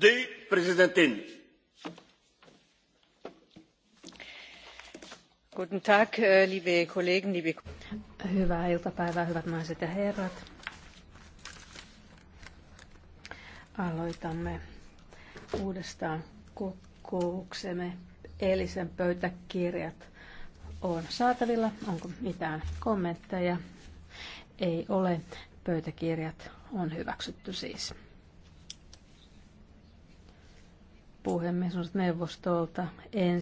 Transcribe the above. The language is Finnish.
die präsidentin! Äh, hyvää iltapäivää hyvät naiset ja herrat. Aloitamme uudestaan kokouksemme. Eilisen pöytäkirjat on saatavilla. Onko mitään kommentteja? Ei ole. Pöytäkirjat on hyväksytty siis. puhemies neuvostolta. En